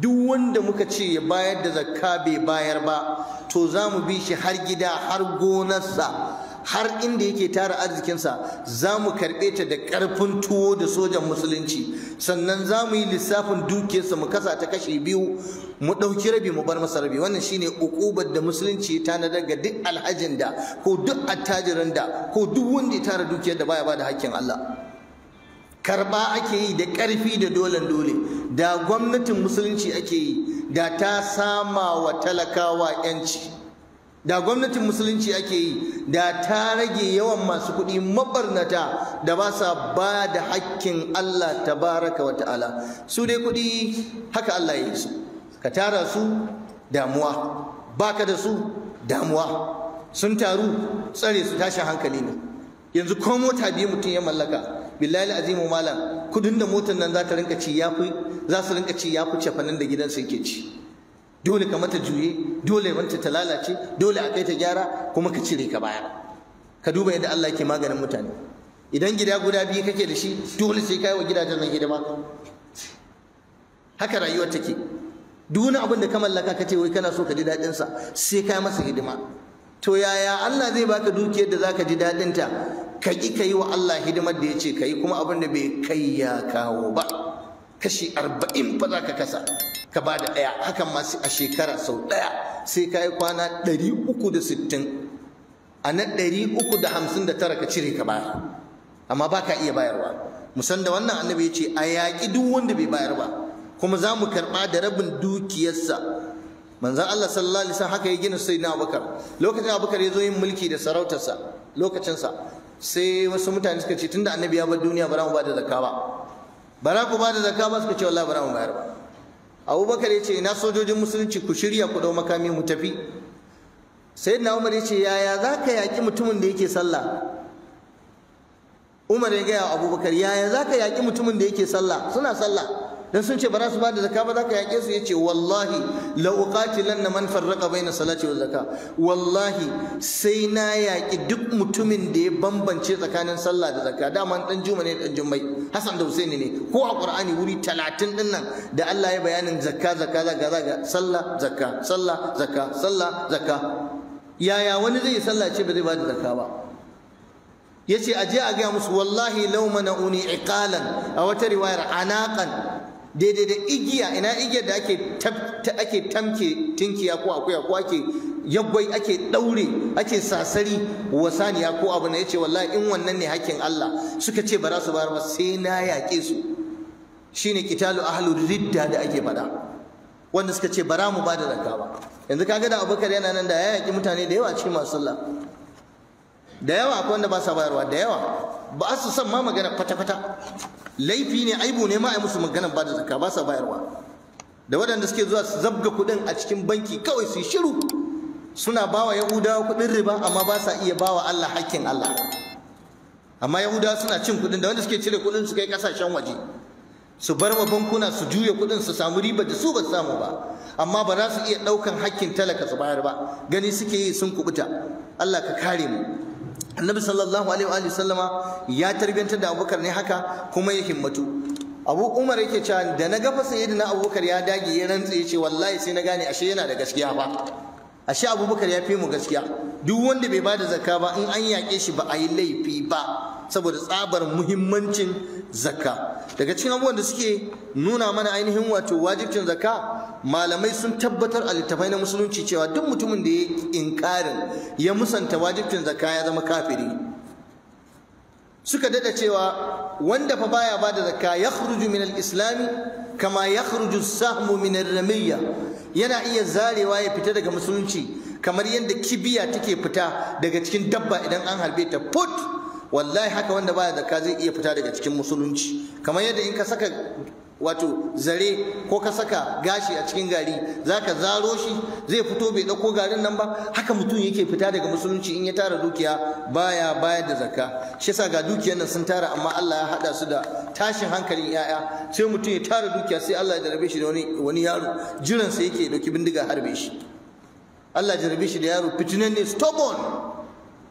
duk wanda muka ce ya bayar da zakka bai bayar ba to za mu bi shi har gida har gonarsa har inda yake tara arzikinsa za mu karɓe ta da ƙarfin tuwo da sojan musulunci sannan za mu yi lissafin dukiyarsa mu kasa ta kashe biyu mu ɗauki rabi mu bar masa rabi wannan shine ukubar da musulunci ta tanadar ga duk alhajin da ko duk attajirin da ko duk wanda ya tara dukiyar da baya ba da hakkin Allah karba ake yi da ƙarfi da dole dole da gwamnatin musulunci ake yi da ta sama wa talakawa yanci da gwamnatin musulunci ake yi da ta rage yawan masu kuɗi mabarnata da ba sa ba da hakkin Allah tabaraka wa ta'ala su dai kuɗi haka Allah ya yi su ka tara su damuwa baka da su damuwa sun taru tsare su tashin hankali ne yanzu ko mota biyu mutum ya mallaka billahi azimu malam kudin da motar nan za ta rinka ci ya fi, za su rinka ci ya fi cefanin da gidan gidansa ke ci dole ka mata juye dole wanta ta lalace dole a kai ta gyara kuma ka cire ka baya ka duba yadda Allah ke maganin mutane idan gida guda biyu kake da shi dole sai kai wa gidajen nan hidima haka rayuwar take duk wani abin da ka mallaka kace wai kana so ka ji daɗinsa, sa sai kai masa hidima to yaya Allah zai baka dukiyar da zaka ji daɗin ta ka ƙi ka yi wa Allah hidimar da ya ce ka yi kuma abin da bai kai ya kawo ba kashi arba'in ba za ka kasa ka ba da ɗaya hakan masu a shekara sau ɗaya sai ka yi kwana ɗari uku da sittin a na ɗari uku da hamsin da tara ka cire ka bayar amma ba ka iya bayarwa musan da wannan annabi ya ce a yaƙi duk wanda bai bayar ba kuma za mu karɓa da rabin dukiyarsa manzan Allah sallallahu alaihi wasallam haka ya gina na Abubakar lokacin Abubakar ya zo yin mulki da sarautarsa lokacinsa sai wasu mutane suka ce tunda annabi ya bar duniya bara mu ba da zakka ba bara ku ba da zakka ba suka ce wallahi bara mu bayar ba abubakar ya ce ina sojojin musulunci ku shirya ku dau makami mu tafi sayyidina umar ya ce yaya za ka yaƙi mutumin da yake sallah umar ya gaya abubakar yaya za ka yaƙi mutumin da yake sallah suna sallah dan sun ce ba za su bada zaka ba za ka yaƙe su ce wallahi la uqatilanna man farraqa baina salati wa zaka. wallahi sai na yaƙi duk mutumin da ya bambance tsakanin sallah da zakka dama dan juma ne dan jummai hasan da husaini ne ko a qur'ani wuri 30 din nan da Allah ya bayanin zakka zakka zakka zaka sallah zakka sallah zakka sallah zakka yaya wani zai sallah ce ba zai bada zaka ba yace aje a ga musu wallahi law mana'uni iqalan a wata riwayar anaqan daidai da igiya ina igiyar da ake tamke tinkiya ko akuya ko ake yabbai ake daure ake sasari wa saniya ko abu na yace wallahi in wannan ne hakkin Allah suka ce ba za su bayar ba sai na yaƙe su shine kitalu ahlur ridda da ake faɗa wanda suka ce bara mu ba da zakka ba yanzu kaga da Abubakar yana nan da ya yaƙi mutane da yawa cikin masu sallah da yawa akwai wanda ba sa bayarwa da yawa ba su san ma magana kwata-kwata laifi ne aibu ne ma a yi musu magana ba da zaka ba sa bayarwa da waɗanda suke zuwa su zabga kuɗin a cikin banki kawai su yi shiru suna bawa yahudawa kuɗin riba amma ba sa iya bawa Allah hakkin Allah amma yahudawa suna cin kuɗin da wanda suke cire kuɗin su kai ƙasashen waje su bar wa bankuna su juya kuɗin su samu riba da su ba samu ba amma ba za su iya ɗaukan hakkin talaka su bayar ba gani suke yi sun kubuta Allah ka kare mu annabi sallallahu alaihi wa sallama ya tarbiyantar da abubakar ne haka kuma ya himmatu abu umar yake cewa da na ga fa sayyidina abubakar ya dage ya rantse ya ce wallahi sai na gane ashe yana da gaskiya fa ashe abubakar ya fi mu gaskiya duk wanda bai bada zakka ba in an yaƙe shi ba a yi laifi ba saboda tsabar muhimmancin zakka daga cikin abubuwan da suke nuna mana ainihin wato wajibcin zakka malamai sun tabbatar a littafai na musulunci cewa duk mutumin da ya inkarin ya musanta wajibcin zakka ya zama kafiri suka dada cewa wanda fa baya bada zakka ya khruju min al-islami kama ya khruju sahmu min ramiyya yana iya zarewa ya fita daga musulunci kamar yadda kibiya take fita daga cikin dabba idan an harbe ta put wallahi haka wanda baya zakka zai iya fita daga cikin musulunci kamar yadda in ka saka wato zare ko ka saka gashi a cikin gari zaka zaro shi zai fito bai dauko garin nan ba haka mutum yake fita daga musulunci in ya tara dukiya baya bayar da zakka shi yasa ga dukiyar nan sun tara amma Allah ya hada su da tashin hankalin yaya sai mutum ya tara dukiya sai Allah ya jarabe shi da wani wani yaro jiran sa yake dauki bindiga harbe shi Allah ya jarabe shi da yaro fitinan ne stubborn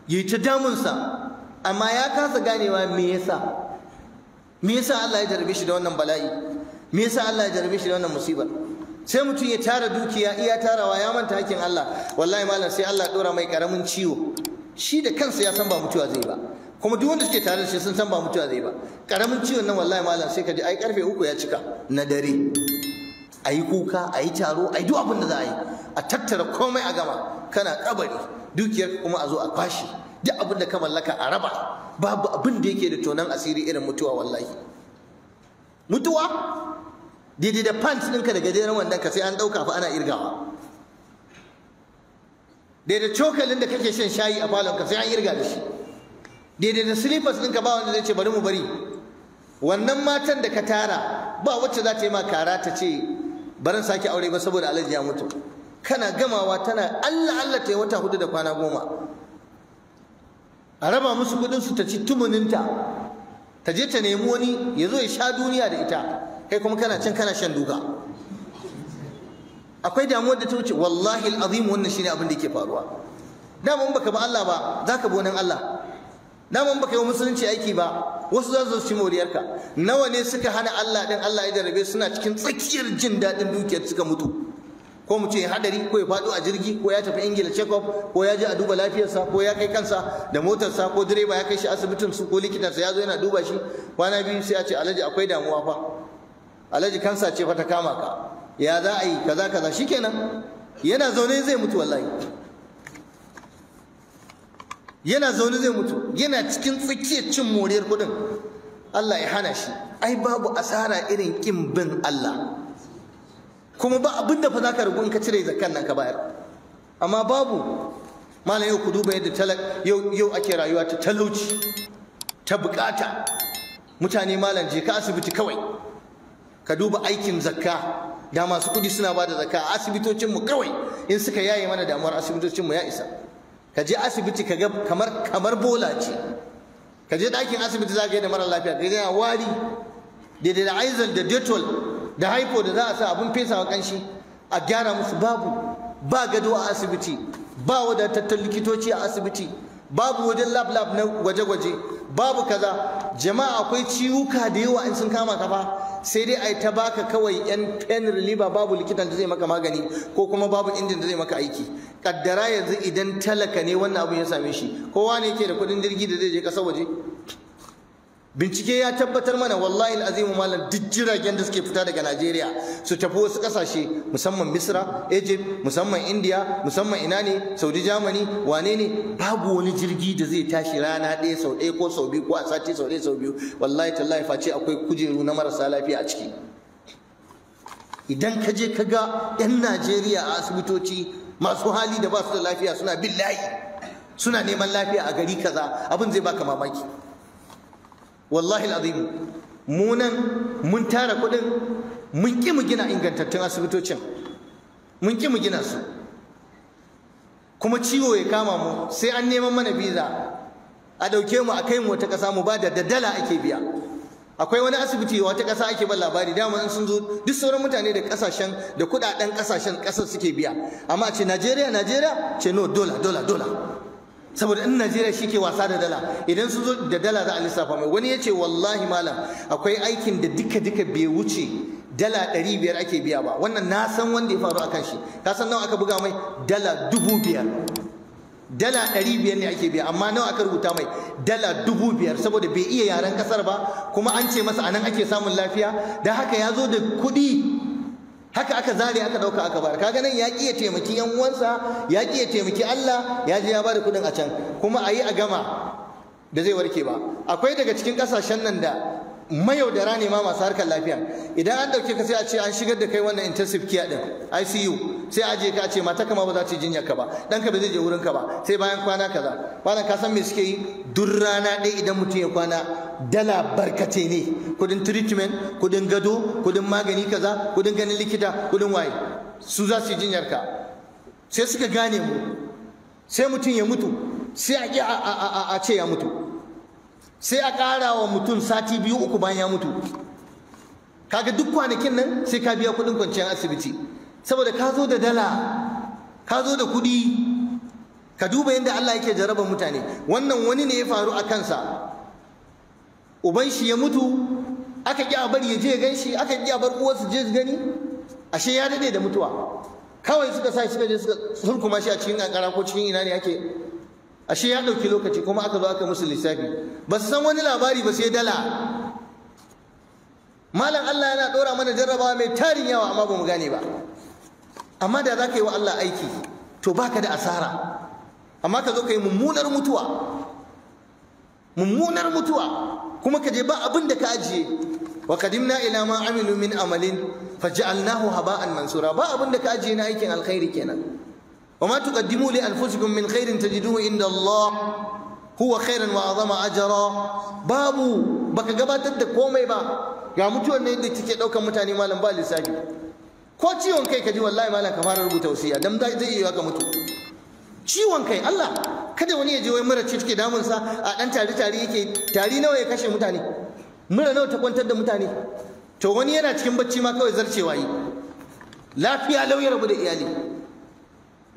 yayi ta damunsa amma ya kasa ganewa me yasa me yasa Allah ya jarbe shi da wannan bala'i me yasa Allah ya jarbe shi da wannan musiba sai mutum ya tara dukiya iya tarawa ya manta hakkin Allah wallahi malam sai Allah dora mai karamin ciwo shi da kansa ya san ba mutuwa zai ba kuma duk wanda suke tare da shi sun san ba mutuwa zai ba karamin ciwon nan wallahi malam sai ka ji ai karfe uku ya cika na dare a yi kuka a yi taro a yi duk abin da za a yi a tattara komai a gama kana kabari dukiyar kuma a zo a kwashe duk abin da ka mallaka a raba babu abin da yake da tonan asiri irin mutuwa wallahi mutuwa daidai da pants ɗinka da gajeren wannan ka sai an ɗauka fa ana irgawa daidai cokalin da kake shan shayi a falon ka sai an irga da shi daidai da slippers ɗinka ba wanda zai ce bari mu bari wannan matan da ka tara ba wacce za ta yi ma kara ta ce barin sake aure ba saboda alaji ya mutu kana gamawa tana Allah Allah ta yi wata hudu da kwana goma a raba musu kudin su ta ci tumuninta ta je ta nemi wani ya zo ya sha duniya da ita kai kuma kana can kana shan duka akwai damuwar da ta wuce wallahi al'azim wannan shine abin da yake faruwa dama mun baka ba Allah ba zaka bi wani Allah dama mun baka yi musulunci aiki ba wasu za su ci moriyarka nawa ne suka hana Allah din Allah ya jarabe suna cikin tsakiyar jin daɗin dukiyar suka mutu ko mu ce ya hadari ko ya faɗo a jirgi ko ya tafi ingila check up ko ya je a duba lafiyarsa ko ya kai kansa da motarsa ko direba ya kai shi asibitin su ko likitarsa ya zo yana duba shi kwana biyu sai a ce alhaji akwai damuwa fa alhaji kansa ce fa ta kama ka ya za a yi kaza kaza shikenan yana zaune zai mutu wallahi yana zaune zai mutu yana cikin tsakiyar cin moriyar kudin Allah ya hana shi ai babu asara irin kin bin Allah kuma ba abin da fa ka rubu in ka cire zakkan nan ka bayar amma babu malam yau ku duba yadda talak yau yau ake rayuwa ta talauci ta bukata mutane malam je ka asibiti kawai ka duba aikin zakka da masu kudi suna bada zakka a asibitocin mu kawai in suka yaye mana damuwar asibitocin mu ya isa ka je asibiti ka ga kamar kamar bola ce ka je ɗakin asibiti za ka yi da mara lafiya ka ga wari daidai da aizal da detol da haifo da za a sa abin fesa wa kanshi a gyara musu babu ba gado a asibiti ba wadatattun likitoci a asibiti babu wajen lab lab na gwaje-gwaje babu kaza jama'a akwai ciwuka da yawa in sun kama ka fa sai dai ai ta baka kawai yan pen reliever babu likitan da zai maka magani ko kuma babu injin da zai maka aiki kaddara yanzu idan talaka ne wannan abun ya same shi kowa ne yake da kudin jirgi da zai je kasar waje bincike ya tabbatar mana wallahi al'azimu malam duk jiragen da suke fita daga Najeriya su tafi wasu kasashe musamman Misra Egypt musamman India musamman ina ne Saudi Germany wane ne babu wani jirgi da zai tashi rana ɗaya sau ɗaya ko sau biyu ko a sati sau ɗaya sau biyu wallahi tallahi face akwai kujeru na marasa lafiya a ciki idan ka je ka ga 'yan Najeriya a asibitoci masu hali da ba su da lafiya suna bin layi suna neman lafiya a gari kaza abin zai baka mamaki wallahi al'azim mu nan mun tara kuɗin mun ƙi mu gina ingantattun asibitocin mun ƙi mu gina su kuma ciwo ya kama mu sai an neman mana biza a ɗauke mu a kai mu wata ƙasa mu ba da dala ake biya akwai wani asibiti wata ƙasa ake ban labari dama in sun zo duk sauran mutane da ƙasashen da kuɗaɗen ƙasashen ƙasar suke biya amma a ce najeriya najeriya ce no dola dola dola saboda in Najeriya shi ke wasa da dala idan su zo da dala za a lissafa mai wani ya ce wallahi malam akwai aikin da duka duka bai wuce dala ɗari biyar ake biya ba wannan na san wanda ya faru a kan shi ka san nawa aka buga mai dala dubu biyar dala ɗari biyar ne ake biya amma nawa aka rubuta mai dala dubu biyar saboda bai iya yaren ƙasar ba kuma an ce masa anan ake samun lafiya da haka ya zo da kuɗi haka aka zare aka dauka aka bar kaga nan ya ki ya taimaki yan uwansa ya ki ya taimaki Allah ya je ya bada kudin a can kuma ayi a gama da zai warke ba akwai daga cikin kasashen nan da mayaudara ne ma masu harkar lafiya idan an dauke ka sai a ce an shigar da kai wannan intensive care din ICU sai a je ka ce mata kama ba za ta jinya ka ba dan ka ba zai je wurin ka ba sai bayan kwana kaza bayan ka san me suke yi dur rana dai idan mutum ya kwana dala barkate ne kudin treatment kudin gado kudin magani kaza kudin ganin likita kudin waye su za su jinyar ka sai suka gane mu sai mutum ya mutu sai a ce ya mutu sai a ƙara wa mutum sati biyu uku bayan ya mutu kaga duk kwanakin nan sai ka biya kuɗin kwanciyar asibiti saboda ka zo da dala ka zo da kuɗi ka duba yadda Allah yake jaraba mutane wannan wani ne ya faru a kansa uban shi ya mutu aka ƙi a bari ya je gan shi aka ƙi a bar su je su gani ashe ya daɗe da mutuwa kawai suka sa shi suka je suka sulkuma shi a cikin ƙanƙara ko cikin ina ne ake ashe ya ɗauki lokaci kuma aka zo aka musu lissafi ba su san wani labari ba sai dala malam Allah yana ɗora mana jarrabawa mai tarin yawa amma ba mu gane ba amma da za ka yi wa Allah aiki to baka da asara amma ka zo ka yi mummunar mutuwa mummunar mutuwa kuma ka je ba abin da ka ajiye wa qadimna ila ma amilu min amalin faj'alnahu haba'an mansura ba abin da ka ajiye na aikin alkhairi kenan وما تقدموا لأنفسكم من خير تجدوه عند الله هو خيرا وأعظم أجرا بابو baka gabatar da komai ba ga mutuwar ne da take daukar mutane malam ba lissafi ko ciwon kai kaji wallahi malam ka fara rubuta wasiya dan zai yi ka mutu ciwon kai Allah kada wani ya je wai mura ce take damun sa a dan tari tari yake tari nawa ya kashe mutane mura nawa ta kwantar da mutane to wani yana cikin bacci ma kawai zarcewa yi lafiya lau ya da iyali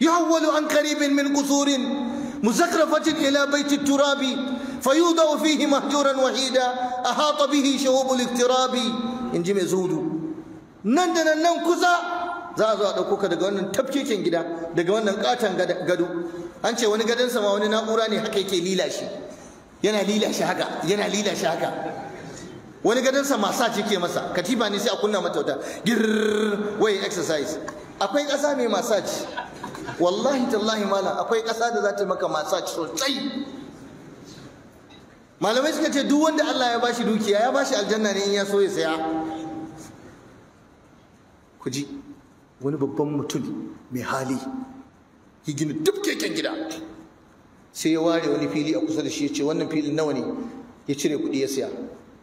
يهول عن قريب من قصور مزخرفة إلى بيت التراب فيوضع فيه مهجورا وحيدا أحاط به شهوب الاقتراب إن جمع زودو نندنا ننكزا za a zo a ɗauko ka daga wannan tafkeken gida daga wannan ƙaton gado an ce wani gadon sama wani na'ura ne haka yake lila shi yana lila shi haka yana lila shi haka wani masa katifa ne sai a kunna mata wuta girrrr akwai ƙasa mai massage wallahi tallahi malam akwai ƙasa da za ta maka masa sosai malamai suka ce duk wanda Allah ya bashi dukiya ya bashi aljanna ne in ya so ya saya ku ji wani babban mutum mai hali ya gina duk keken gida sai ya ware wani fili a kusa da shi ya ce wannan filin nawa ne ya cire kuɗi ya saya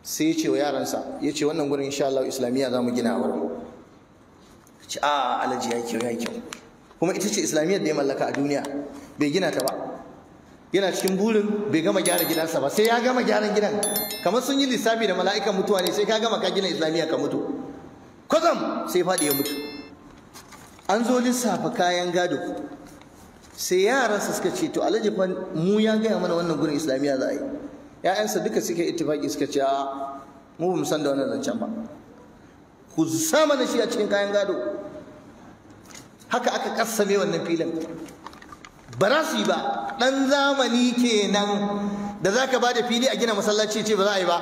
sai ya ce wa yaransa ya ce wannan gurin insha Allah islamiyya za mu gina a wurin ce a alaji ya kyau ya kyau kuma ita ce islamiyyar da ya mallaka a duniya bai gina ta ba yana cikin burin bai gama gyara gidansa ba sai ya gama gyaran gidan kamar sun yi lissafi da mala'ikan mutuwa ne sai ka gama ka gina islamiyya ka mutu kwazam sai faɗi ya mutu an zo lissafa kayan gado sai yaransa suka ce to alhaji fa mu ya gaya mana wannan gurin islamiyya za a yi Ya'yansa duka suka ittifaki suka ce a mu ba san da wannan zancen ba ku sa mana shi a cikin kayan gado haka aka kassame wannan filin ba za su yi ba ɗan zamani kenan da za ka ba da fili a gina masallaci ce ba za a yi ba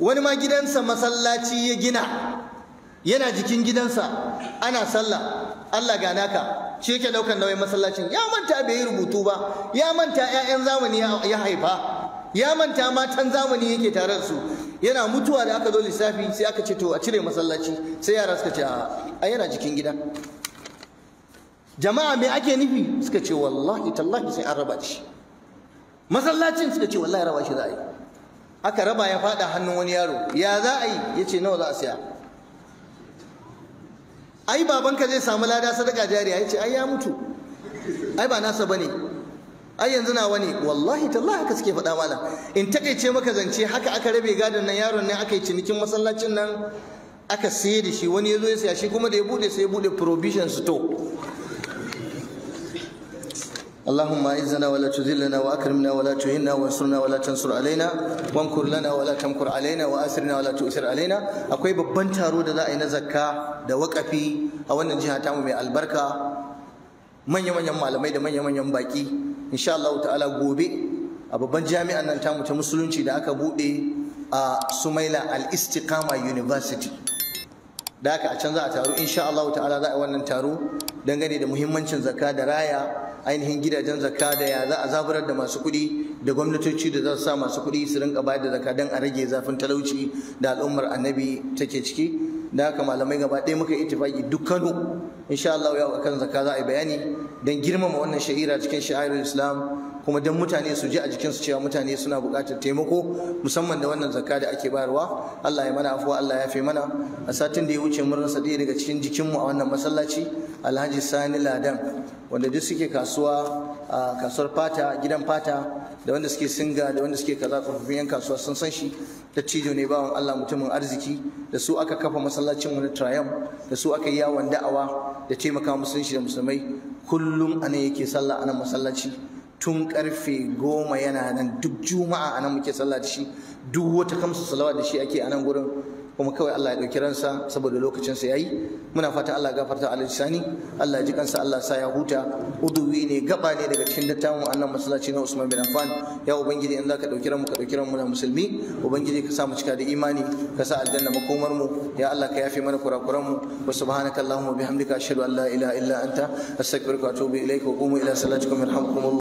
wani ma gidansa masallaci ya gina yana jikin gidansa ana sallah Allah ga naka ce yake daukan nauyin masallacin ya manta bai yi rubutu ba ya manta 'ya'yan zamani ya haifa ya manta matan zamani yake tare da su yana mutuwa da aka zo lissafi sai aka ce to a cire masallaci sai yara suka ce a yana jikin gida jama'a me ake nufi suka ce wallahi tallahi sai an raba shi masallacin suka ce wallahi raba shi za a yi aka raba ya fada hannun wani yaro ya za a yi ya ce nawa za a siya ai babanka zai samu lada sadaka jariya ya ce ai ya mutu ai ba nasa bane ai yanzu nawa ne wallahi tallahi haka suke faɗa mana in takaice maka zance haka aka rabe gadon nan yaron nan aka yi cinikin masallacin nan aka sayar da shi wani ya zo ya siya shi kuma da ya bude sai ya bude provision store اللهم اعزنا ولا تذلنا واكرمنا ولا تهنا وانصرنا ولا تنصر علينا وانكر لنا ولا تمكر علينا واسرنا ولا تؤثر علينا akwai babban taro da za a yi na zakka da wakafi a wannan jiha mu mai albarka manya-manyan malamai da manya-manyan baki insha Allah ta'ala gobe a babban jami'an nan tamu ta musulunci da aka bude a Sumaila Al-Istiqama University da haka a can za a taro insha Allah ta'ala za a yi wannan taro dangane da muhimmancin zakka da raya ainihin gidajen zakka da ya za a zaburar da masu kuɗi da gwamnatoci da za su sa masu kuɗi su rinka bayar da zakka don a rage zafin talauci da al'ummar annabi take ciki da haka malamai gaba ɗaya muka yi ittifaqi duk Kano insha Allah yau akan zakka za a yi bayani don girmama wannan shahira cikin sha'irar Islam kuma don mutane su ji a jikin su cewa mutane suna buƙatar taimako musamman da wannan zakka da ake bayarwa Allah ya mana afuwa Allah ya fi mana a satin da ya wuce mun rasa ɗaya daga cikin jikinmu a wannan masallaci Alhaji Sani Ladan wanda duk suke kasuwa a kasuwar fata gidan fata da wanda suke singa da wanda suke kaza tsofaffin yan kasuwa sun san shi dattijo ne bawan Allah mutumin arziki da su aka kafa masallacin wani trayam da su aka yi yawon da'awa da taimaka musulunci da musulmai kullum a nan yake sallah anan masallaci tun karfe goma yana nan duk juma'a a nan muke sallah da shi duk wata kamsu salawa da shi ake a nan gurin kuma kawai Allah ya ɗauki ransa saboda lokacinsa ya yi muna fatan Allah gafarta alisani Allah ji kansa Allah sa ya huta uduwi ne gaba ne daga cikin dattawan annan masallaci na Usman bin Affan ya ubangiji in zaka ɗauki ranmu ka ɗauki ranmu na musulmi ubangiji ka sa mu cika da imani ka sa aljanna makomar mu ya Allah ka yafe mana kurakuran mu wa subhanaka allahumma bihamdika ashhadu an la ilaha illa anta astaghfiruka wa atubu ilaik wa qumu ila salatikum yarhamkumullah